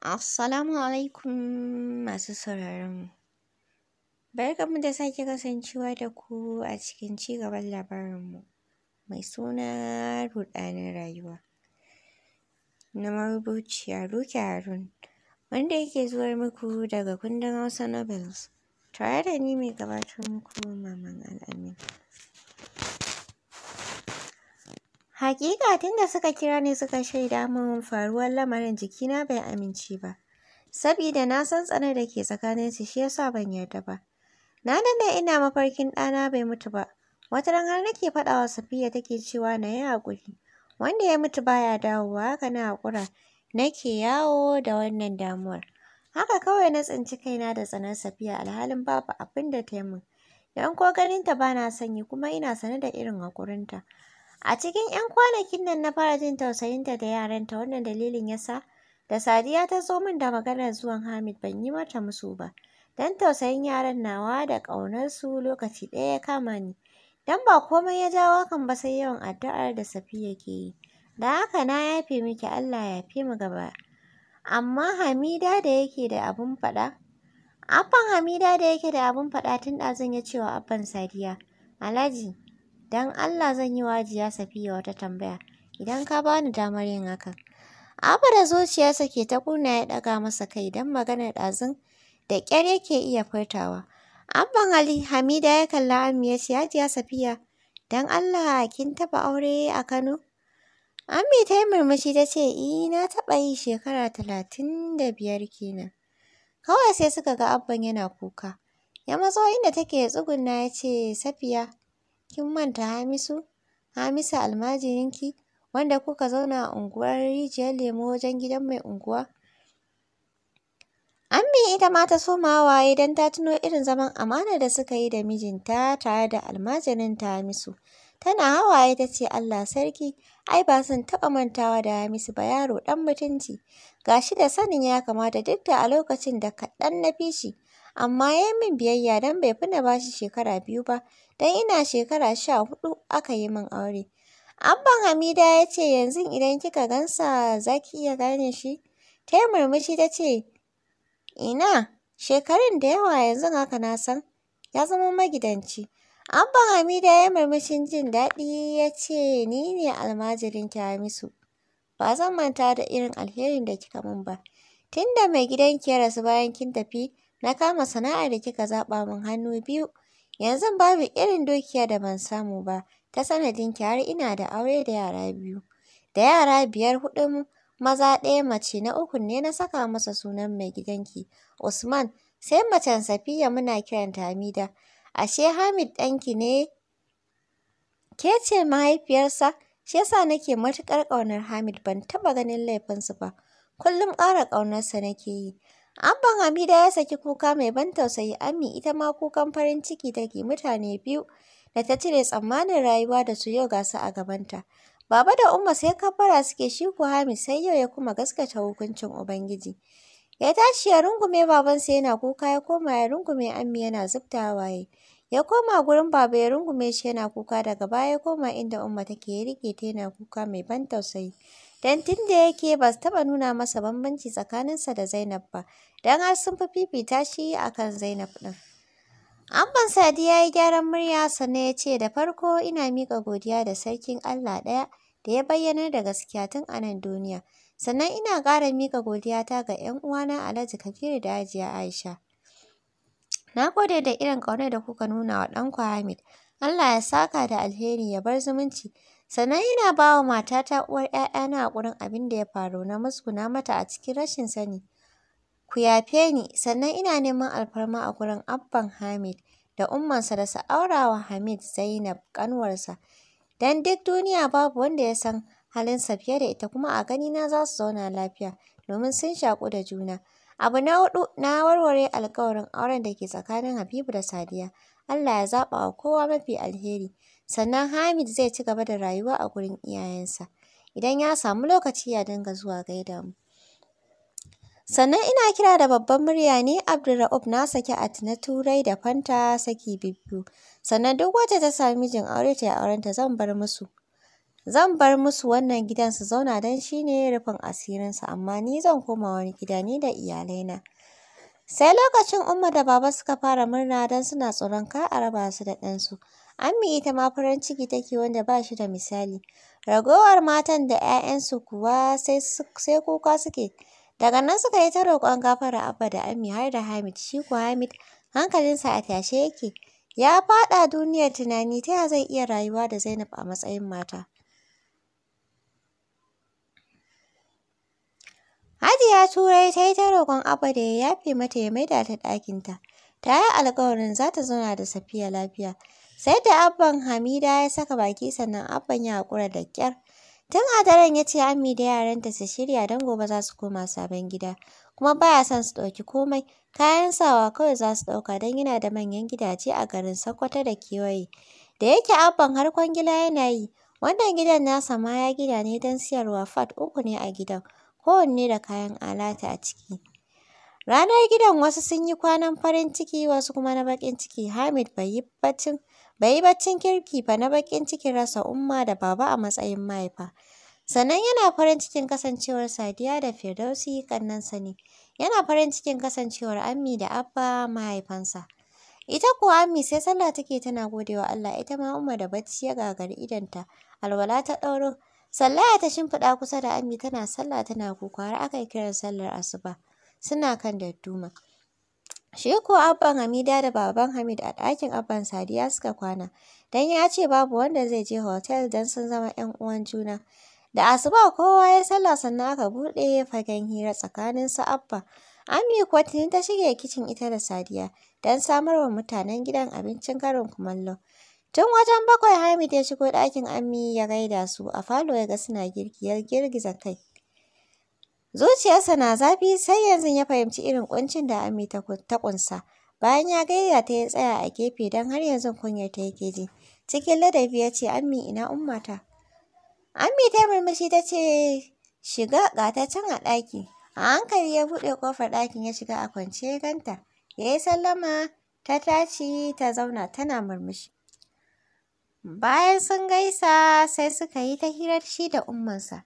Assalamu alaikum masu sauraron mu. mu da sake kasancewa da ku a cikin cigaban labarinmu mai suna ruɗanin rayuwa. Na marubuciya Ruki Harun wanda yake zuwa muku daga kundin Hausa Nobels tare da ni mai gabatar muku Maman Al'amin. Hakika da suka kira ni suka shaida min faruwar lamarin jikina bai amince ba. Sabida na san tsanar da ke tsakaninsu shi yasa ban yarda ba. Na dade ina mafarkin ɗana bai mutu ba. Wata ran har nake faɗa wa Safiya take cewa na yi haƙuri. Wanda ya mutu baya dawowa haka na haƙura. Nake yawo da wannan damuwar. Haka kawai na tsinci kaina da tsanar Safiya alhalin babu abinda da ta yi min. Yan ko ganinta ba na sanyi kuma ina sane da irin haƙurinta. A cikin 'yan kwanakin nan na fara jin tausayinta da yaran ta wannan dalilin yasa da Sadiya ta zo min da maganar zuwan Hamid ban yi mata musu ba. Dan tausayin yaran nawa da ƙaunarsu lokaci ɗaya ya kama ni. Dan ba komai ya jawo hakan ba sai yawan addu'ar da Safiya ke yi. Da haka na yafe miki Allah ya yafe mu gaba. Amma Hamida da yake da abun faɗa. Abban Hamida da yake da abun faɗa tun ɗazun ya ce wa Abban Sadiya. Alhaji, Don Allah zan yi wajiya Safiya wata tambaya, idan ka bani damar yin hakan. Abada zuciyarsa ke ta kuna ya ɗaga masa kai don magana ɗazun da ƙyar yake iya furtawa. Amban Ali Hamida ya kalla Ami ya ce, ya Safiya, don Allah kin taba aure a Kano? Ami ta yi murmushi ta ce, I e, na taɓa yi shekara talatin da biyar kenan. Kawai sai suka ga Abban yana kuka. Ya mazo inda take tsugunna ya ce, Safiya, Kin manta Hamisu? Hamisu almajirinki wanda kuka zauna a unguwar rijiyar lemo wajen gidan mai unguwa? An Ammi ita ma ta soma hawaye don ta tuno irin zaman amana da suka yi da mijinta tare da ta Hamisu. Tana hawaye ta ce Allah sarki, ai ba sun taɓa mantawa da Hamisu ba yaro ɗan mutunci. Ga shi da sanin ya kamata duk da a lokacin da kaɗan na fishi amma ya yi min biyayya don bai fi na ba shi shekara biyu ba, don ina shekara sha hudu aka yi min aure. Abban Hamida ya ce yanzu idan kika gansa za ki iya gane shi? Ta yi murmushi ta ce, ina, shekarun da yawa yanzu haka na san, ya zama magidanci. Abban Hamida ya murmushin jin daɗi ya ce, ni ne almajirin ki Hamisu. ba zan manta da irin alherin da kika min ba. Tunda mai ki ya rasu bayan kin tafi, Na kama sana'ar da kika zaɓa min hannu biyu. Yanzu babu irin dukiya da ban samu ba. Ta sanadin ki har ina da aure da yara biyu. Da yara biyar huɗu maza ɗaya mace na uku ne na saka masa sunan mai gidanki Usman. Sai macen Safiya muna kiranta Hamida. Ashe Hamid ɗanki ne? Ke ce mahaifiyarsa? Shi yasa nake matuƙar ƙaunar Hamid ban taɓa ganin laifinsu ba. Kullum ƙara ƙaunarsa nake yi. Amban Hamida ya saki kuka mai ban tausayi Ami ita ma kukan farin ciki take mutane biyu da ta cire tsammanin rayuwa da su yau ga su a gabanta. Baba da Umma sai kafara suke shi ko Hamis sai yau ya kuma gaskata hukuncin Ubangiji. Ya tashi ya rungume babansa yana kuka ya koma ya rungume Ami yana zubta waye. Ya koma gurin baba ya rungume shi yana kuka daga baya ya koma inda Umma take ya rike ta yana kuka mai ban tausayi. don tun da yake ba su taɓa nuna masa bambanci tsakaninsa da Zainab ba, don har sun fi fifita shi a kan Zainab ɗin. Amban Sadiya ya gyaran murya sannan ya ce da farko ina miƙa godiya da sarkin Allah ɗaya da ya bayyanar da gaskiya tun a nan duniya, sannan ina ƙara miƙa godiyata ga 'yan uwana Alhaji Kabiru da Hajiya Aisha. Na gode da irin ƙaunar da kuka nuna wa ɗanku Hamid. Allah ya saka da alheri ya bar zumunci Sannan ina ba wa matata uwar ‘ya'yana haƙurin abin da ya faru na musguna mata a cikin rashin sani. Ku yafe ni, sannan ina neman alfarma a gurin Abban Hamid da ummansa da su aurawa wa Hamid Zainab ƙanwarsa. Don duk duniya babu wanda ya san halinsa fiye da ita kuma a ganina za su zauna lafiya domin sun shaƙu da juna. Abu na huɗu na warware alƙawarin auren da ke tsakanin Habibu da Sadiya. Allah ya zaɓa wa kowa mafi alheri. sannan Hamid zai ci gaba da rayuwa a gurin iyayensa idan ya samu lokaci ya dinga zuwa gaida mu sannan ina kira da babban murya ne Abdulra'uf na saki at na turai da fanta saki bibbiyu sannan duk wacce ta sami mijin aure ta aurenta zan bar musu zan bar musu wannan gidan su zauna don shi ne rufin asirinsu amma ni zan koma wani gida ni da iyalaina sai lokacin umma da baba suka fara murna don suna tsoron kar a raba su da ɗansu Ammi ita ma farin ciki take wanda ba shi da misali. Ragowar matan da 'ya'yansu kuwa sai kuka suke. Daga nan suka yi ta roƙon gafara Abba da Ammi har da Hamid, shi kuwa Hamid hankalinsa a tashe yake. Ya faɗa duniyar tunani ta ya zai iya rayuwa da Zainab a matsayin mata. Hajiya Turai ta yi ta roƙon Abba da ya yafe mata ya maida ta ɗakinta. Ta yi alƙawarin za ta zauna da Safiya lafiya. Sai da abban Hamida ya saka baki sannan abban ya haƙura da ƙyar. Tun a daren ya ce Ammi da yaranta su shirya don gobe za su koma sabon gida. Kuma baya son su ɗauki komai. Kayan sawa kawai za su ɗauka don yana da manyan gidaje a garin Sokoto da kewaye. Da yake abban har kwangila yana yi. Wannan gidan nasa ma ya gida ne don siyarwa fat uku ne a gidan, kowanne da kayan alata a ciki. Ranar gidan wasu sun yi kwanan farin ciki wasu kuma na baƙin ciki. Hamid bai yi baccin kirki ba na baƙin cikin rasa umma da baba a matsayin mahaifa. Sannan yana farin cikin kasancewar Sadiya da Firdausi kannansa ne. Yana farin cikin kasancewar Ammi da Abba mahaifansa. Ita kuwa Ammi sai sallah take tana godewa Allah ita ma Umma da bacci ya gagari idanta. Alwala ta ɗauro. Sallaya ta shimfiɗa kusa da Ammi tana sallah tana kuka har aka yi kiran sallar asuba. suna kan dadduma. Shi abban Hamida da baban Hamid a ɗakin abban Sadiya suka kwana, don ya ce babu wanda zai je hotel don sun zama 'yan uwan juna. Da asuba kowa ya sallah sannan aka buɗe fagen hira tsakanin su abba. Ami kuwa tuni ta shige kicin ita da Sadiya don samar wa mutanen gidan abincin karin kumallo. Tun wajen bakwai Hamid ya shigo ɗakin Ami ya gaida su a falo ya ga suna girgiyar girgiza kai. Zuciyarsa na zafi sai yanzu ya fahimci irin ƙuncin da Ami ta ƙunsa. Bayan ya gaida ta ya tsaya a gefe don har yanzu kunyar ta yake ji. Cikin ladabi ya ce, Ami ina ummata. Ami ta murmushi ta ce, shiga gata can a ɗaki. A hankali ya buɗe ƙofar ɗakin ya shiga a kwance ya ganta. Ya yi sallama ta tashi ta zauna tana murmushi. Bayan sun gaisa sai suka yi ta hirar shi da ummansa.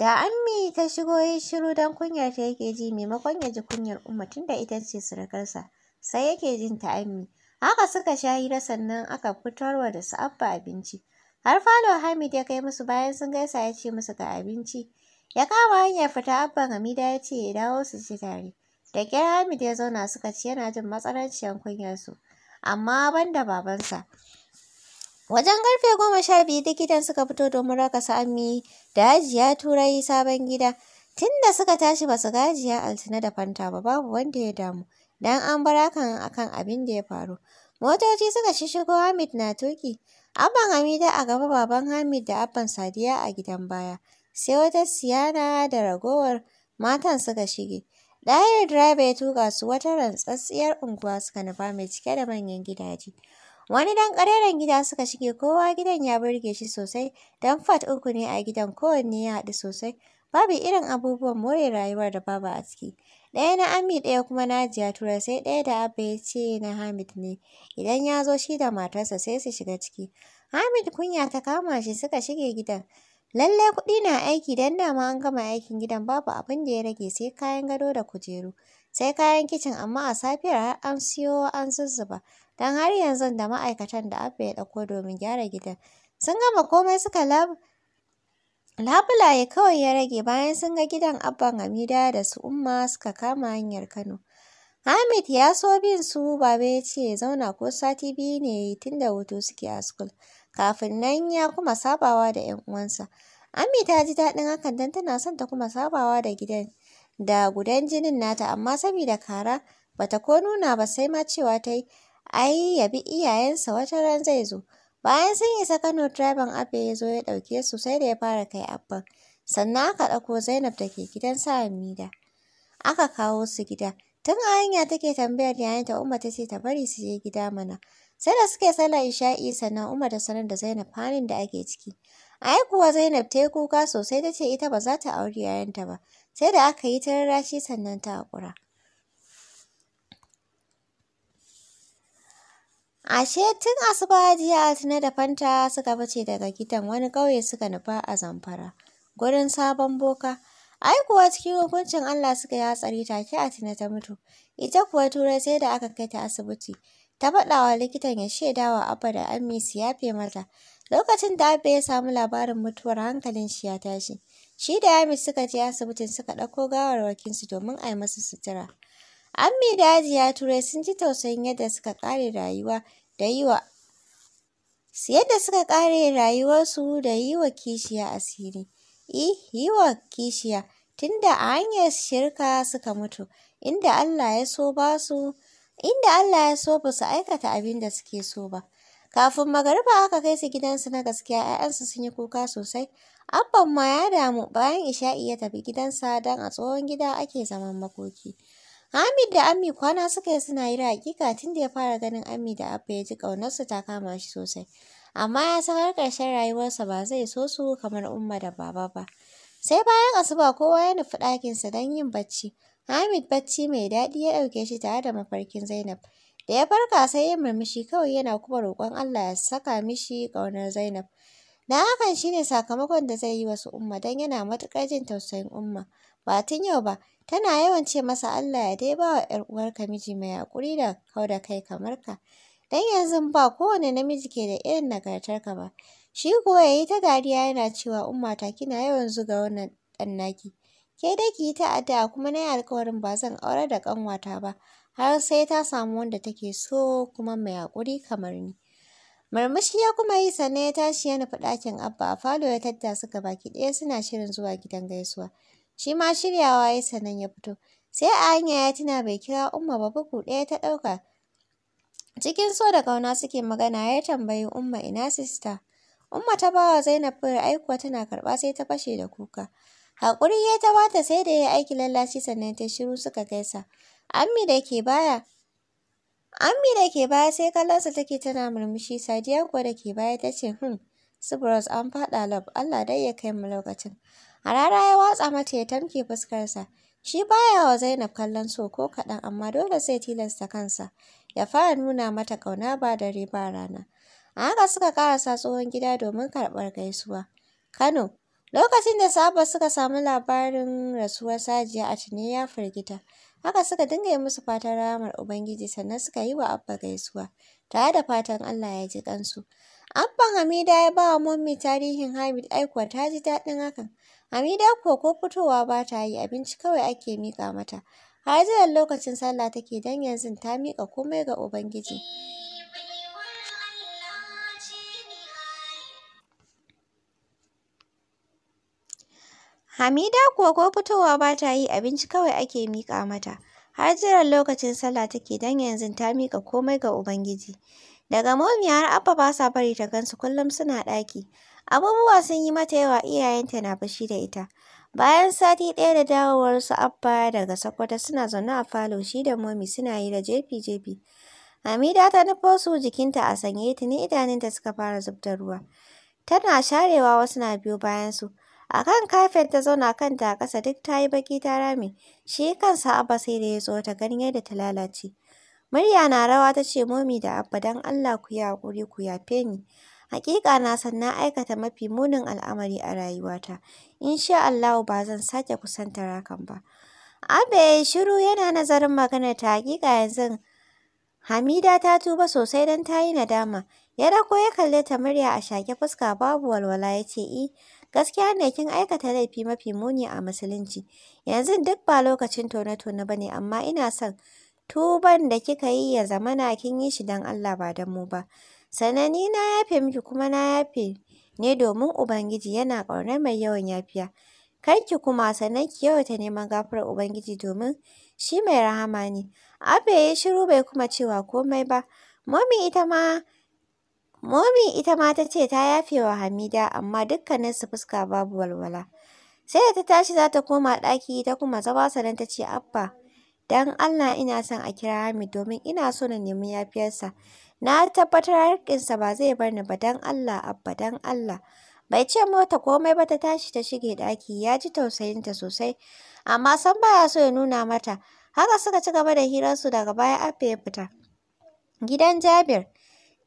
Da Ammi ta shigo ya yi shiru don kunyarta yake ji maimakon ya ji kunyar Umma da ita ce surukarsa, sai yake jin ta Ammi. Haka suka sha hira sannan aka fitarwa da su Abba abinci. Har falo Hamid ya kai musu bayan sun gaisa ya ce musu ga abinci. Ya kama hanyar fita Abba Hamida ya ce ya dawo su ci tare. Da kyar Hamid ya zauna suka ci yana jin matsananciyar kunyarsu, amma ban da babansa. Wajen karfe goma sha biyu gidan suka fito domin raka Sami da Hajiya Turai sabon gida. Tunda suka tashi ba su gajiya Altina da Fanta ba babu wanda ya damu. Dan an bar hakan akan abin da ya faru. Motoci suka shishigo Hamid na tuki. Abban Hamida a gaba baban Hamid da abban Sadiya a gidan baya. Sai wata siyana da ragowar matan suka shige. Ɗayar direba ya tuka su wata rantsatsiyar unguwa suka nufa mai cike da manyan gidaje. Wani dan ƙareren gida suka shige kowa gidan ya burge shi sosai dan fat uku ne a gidan kowanne ya haɗu sosai. Babu irin abubuwan more rayuwar da babu a ciki. Ɗaya na Ami ɗaya kuma na Najiya tura sai ɗaya da Abba ya ce na Hamid ne. Idan ya zo shi da matarsa sai su shiga ciki. Hamid kunya ta kama shi suka shige gidan. Lallai kuɗi na aiki don dama an gama aikin gidan babu abin da ya rage sai kayan gado da kujeru. Sai kayan kicin amma a safiyar har an siyo an zuzzuba. Don har yanzu da ma'aikatan da Abba ya ɗauko domin gyara gidan. Sun gama komai suka labulaye kawai ya rage bayan sun ga gidan Abban Hamida da su Umma suka kama hanyar Kano. Hamid ya so bin su Baba ya ce ya zauna ko sati biyu ne tun da hutu suke a school. Kafin nan ya kuma sabawa da ‘yan uwansa. Ami ta ji daɗin hakan don tana son ta kuma sabawa da gidan da gudan jinin nata amma saboda kara bata ko nuna ba sai ma cewa ta yi ai ya bi iyayensa wata ran zai zo. Bayan sun isa Kano direban abe ya zo ya ɗauke su sai da ya fara kai Abban. Sannan aka ɗauko Zainab da ke gidan sa Hamida. Aka kawo su gida. Tun a hanya take tambayar yayanta Umma ta ce ta bari su je gida mana. Sai da suke sallar isha'i sannan Umar da sanar da Zainab halin da ake ciki. Ai kuwa Zainab ta yi kuka sosai ta ce ita ba za ta auri yayanta ba. Sai da aka yi rarrashi sannan ta haƙura. Ashe tun asuba jiya Altina da Fanta suka bace daga gidan wani ƙauye suka nufa a Zamfara. Gurin sabon boka. Ai kuwa cikin hukuncin Allah suka yi hatsari take a Atina ta mutu. Ita kuwa Turai sai da aka kai ta asibiti. ta faɗawa likitan ya wa Abba da Ammi su yafe mata. Lokacin da Abba ya samu labarin mutuwar hankalin shi ya tashi. Shi da Yami suka je asibitin suka ɗauko su domin a yi masu sutura. Ammi da ya Turai sun ji tausayin yadda suka ƙare rayuwa da yi wa yadda suka ƙare rayuwarsu da yi wa kishiya asiri. I, eh, yi wa kishiya, tunda a hanyar shirka suka mutu, inda Allah ya so ba su inda Allah ya so ba su aikata abin da suke so ba. Kafin magariba aka kai su gidansu na gaskiya ‘ya'yansu sun yi kuka sosai. Abban ma ya damu bayan Isha'i ya tafi gidansa don a tsohon gida ake zaman makoki. Hamid da Ami kwana suka yi suna yi hakika tun da ya fara ganin Ammi da Abba ya ji ƙaunarsu ta kama shi sosai. Amma ya san har ƙarshen rayuwarsa ba zai so su kamar Umma da Baba ba. Sai bayan asuba kowa ya nufi ɗakinsa don yin bacci. Hamid bacci mai daɗi ya ɗauke shi tare da mafarkin Zainab. Da ya farka sai ya murmushi kawai yana kuma roƙon Allah ya saka mishi ƙaunar Zainab. na hakan ne sakamakon da zai yi wasu Umma don yana matuƙar jin tausayin Umma. Ba tun yau ba, tana yawan ce masa Allah ya dai ba wa ‘yar uwarka miji mai haƙuri da kau da kai kamar ka. Don yanzu ba kowane namiji ke da irin nagartarka ba. Shi kuwa ya yi ta dariya yana cewa Umma ta kina yawan zuga wannan ɗan naki. Ke dai ki yi ta kuma na yi alkawarin ba zan aure da ƙanwata ba har sai ta samu wanda take so kuma mai haƙuri kamar ni. Murmushi ya kuma yi sannan ya tashi ya nufi ɗakin Abba a falo ya tattasu su baki ɗaya suna shirin zuwa gidan gaisuwa. Shi ma shiryawa ya sannan ya fito. Sai a hanya ya tuna bai kira Umma ba bugu ɗaya ta ɗauka. Cikin so da ƙauna suke magana ya tambayi Umma ina sista. Umma ta bawa Zainab fure aikuwa tana karɓa sai ta fashe da kuka. Haƙuri ya ta bata sai da ya yi aiki lallashi sannan ta shiru suka gaisa. Ammi da ke baya Ammi da ke baya sai kallonsa take tana murmushi Sadiya kuwa da ke baya ta ce hmm Subros an faɗa lab Allah dai ya kai mu lokacin. A rara ya watsa mata ya tamke fuskarsa. Shi baya wa Zainab kallon so ko kaɗan amma dole sai tilasta kansa ya fara nuna mata ƙauna ba dare ba rana. A haka suka ƙarasa tsohon gida domin karɓar gaisuwa. Kano, Lokacin da Sa'aba suka samu labarin rasuwar Sajiya a tuni ya firgita, haka suka dinga yi musu fatan ramar Ubangiji sannan suka yi wa Abba gaisuwa, tare da fatan Allah ya ji kansu. Abban Hamida ya ba wa Mummi tarihin Hamid ai kuwa ta ji daɗin hakan. Hamida kuwa ko fitowa ba ta yi abinci kawai ake mika mata. Har zuwa lokacin sallah take dan yanzu ta miƙa komai ga Ubangiji. Hamida kuwa ko fitowa ba ta yi abinci kawai ake miƙa mata. Har jiran lokacin sallah take don yanzu ta miƙa komai ga Ubangiji. Daga momi har abba ba sa bari ta gansu kullum suna ɗaki. Abubuwa sun yi mata yawa iyayenta na fushi da ita. Bayan sati ɗaya da dawowarsu abba daga Sokoto suna zaune a falo shi da momi suna yi da jefi-jefi. Hamida ta nufo su jikinta a sanye tuni idanunta suka fara zub ruwa. Tana sharewa wasu na biyo bayan su. A kan kafet ta zauna kanta a ƙasa duk ta yi baƙi ta rame. Shi kansa Abba sai da ya zo ta gani yadda ta lalace. Murya na rawa ta ce momi da Abba don Allah ku yi haƙuri ku yafe ni. Haƙiƙa na san na aikata mafi munin al'amari a rayuwata. in sha Allahu ba zan sake ta rakan ba. Abba ya shiru yana nazarin maganar ta haƙiƙa yanzu Hamida ta tuba sosai don ta yi nadama. Ya dako ya kalle ta murya a shake fuska babu walwala ya ce i. Eh, Gaskiya ne kin aikata laifi mafi muni a musulunci. Yanzu duk ba lokacin tone-tone ba ne amma ina son tuban da kika yi ya zamana kin yi shi don Allah ba da mu ba. sanani na yafe miki kuma na yafe ne domin Ubangiji yana ƙaunar mai yawan yafiya. Kar ki kuma sannan ki yawaita neman gafarar Ubangiji domin shi mai rahama ne. abe ya shiru bai kuma cewa komai ba. Mami ita ma Momi ita ma ta ce ta yafe wa Hamida amma dukkaninsu fuska babu walwala. Sai da ta tashi za ta koma ɗaki ta kuma zama sannan ta ce Abba dan Allah ina son a kira Hamid domin ina so na nemi yafiyarsa. Na tabbatar harkinsa ba zai bar ni ba dan Allah Abba dan Allah. Bai ce mota komai ba ta tashi ta shige ɗaki ya ji tausayinta sosai amma san baya so ya nuna mata. Haka suka ci gaba da hirar su daga baya Abba ya fita. Gidan Jabir.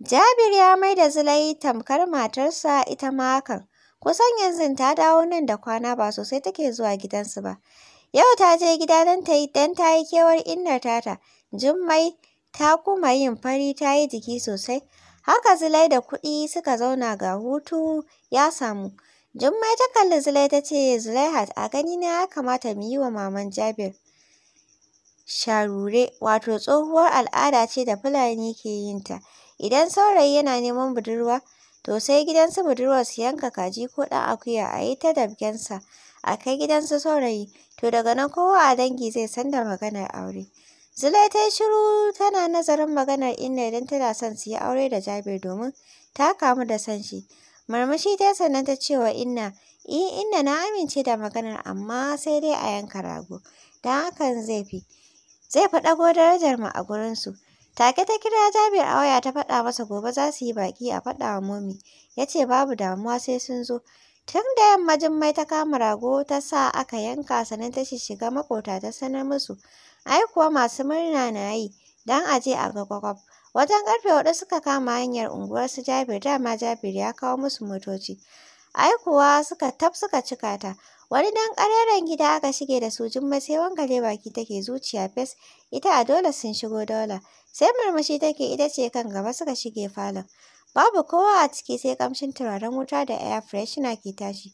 Jabir ya maida Zulai tamkar matarsa ita ma hakan. Kusan yanzu ta dawo nan da kwana ba sosai take zuwa gidansu ba. Yau ta je gida don ta yi don ta yi kewar innar tata. Jummai ta kuma yin fari ta yi jiki sosai. Haka Zulai da kuɗi suka zauna ga hutu ya samu. Jummai ta kalli Zulai ta ce Zulaihat a gani na ya kamata mu yi wa maman Jabir. Sharure wato tsohuwar al'ada ce da Fulani ke yin ta. Idan saurayi yana neman budurwa, to sai gidansu budurwar su yanka kaji ko ɗan akuya a yi ta damƙensa a kai gidan su saurayi, to daga nan kowa a dangi zai san da maganar aure. Zulai ta yi shiru tana nazarin maganar Inna idan tana son su yi aure da Jabir domin ta kamu da son shi. Marmashi ta sannan ta ce wa Inna, "Eh, Inna na amince da maganar amma sai dai a yanka rago, don hakan zai fi. Zai fi ɗago darajar mu a gurinsu." Take ta kira Jabir a waya ta faɗa masa gobe za su yi baƙi a faɗa wa Momi. Ya ce babu damuwa sai sun zo. Tun da yamma Jummai ta kama rago ta sa aka yanka sannan ta shiga makota ta sanar musu. Ai kuwa masu murna na yi don a je a ga kwakwaf. Wajen ƙarfe huɗu suka kama hanyar unguwar su Jabir dama Jabir ya kawo musu motoci. Ai kuwa suka tab suka cika ta. Wani dan ƙareren gida aka shige da su Jummai sai wangale baki take zuciya fes ita a dole sun shigo dola. sai murmushi take ita ce kan gaba suka shige falon babu kowa a ciki sai kamshin turaren wuta da air freshener ke tashi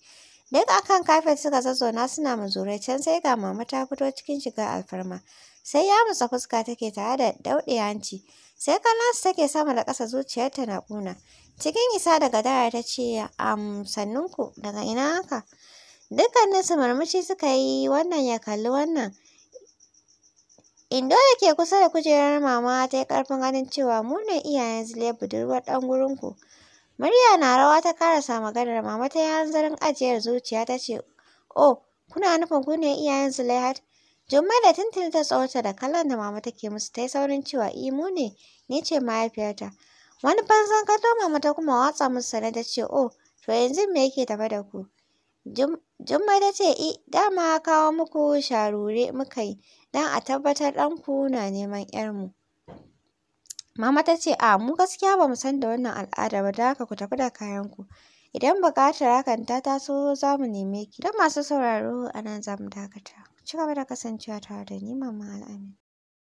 duk akan kafet suka zazzauna suna mazurai can sai ga mama ta fito cikin shiga alfarma sai ya musa fuska take tare da dauɗe hanci sai kallonsu take sama da ƙasa zuciyarta na kuna cikin isa daga dara ta ce am sannunku daga ina haka dukkaninsu murmushi suka yi wannan ya kalli wannan Indo da ke kusa da kujerar mama ta yi ƙarfin ganin cewa mu iyayen zile budurwar ɗan gurinku. Murya na rawa ta karasa maganar mama ta yi hanzarin ajiyar zuciya ta ce, Oh, kuna nufin ku ne iyayen Zulaihat? Jummai da tuntuni ta tsawata da kallon da mama take musu ta yi saurin cewa i eh, mu ne, ni ce mahaifiyarta. Wani banzan kallo mama ta kuma watsa musu sanar ta ce, Oh, to yanzu me yake tafe da ku? Jummai ta ce i dama kawo muku sharure muka yi don a tabbatar ɗanku na neman 'yarmu. Mama ta ce a mu gaskiya ba mu san da wannan al'ada ba da haka ku tafi da kayanku. Idan buƙatar hakan ta taso za mu neme ki. Don masu sauraro a nan za mu dakata. Ku ci gaba da kasancewa tare da ni Mama Al'amin.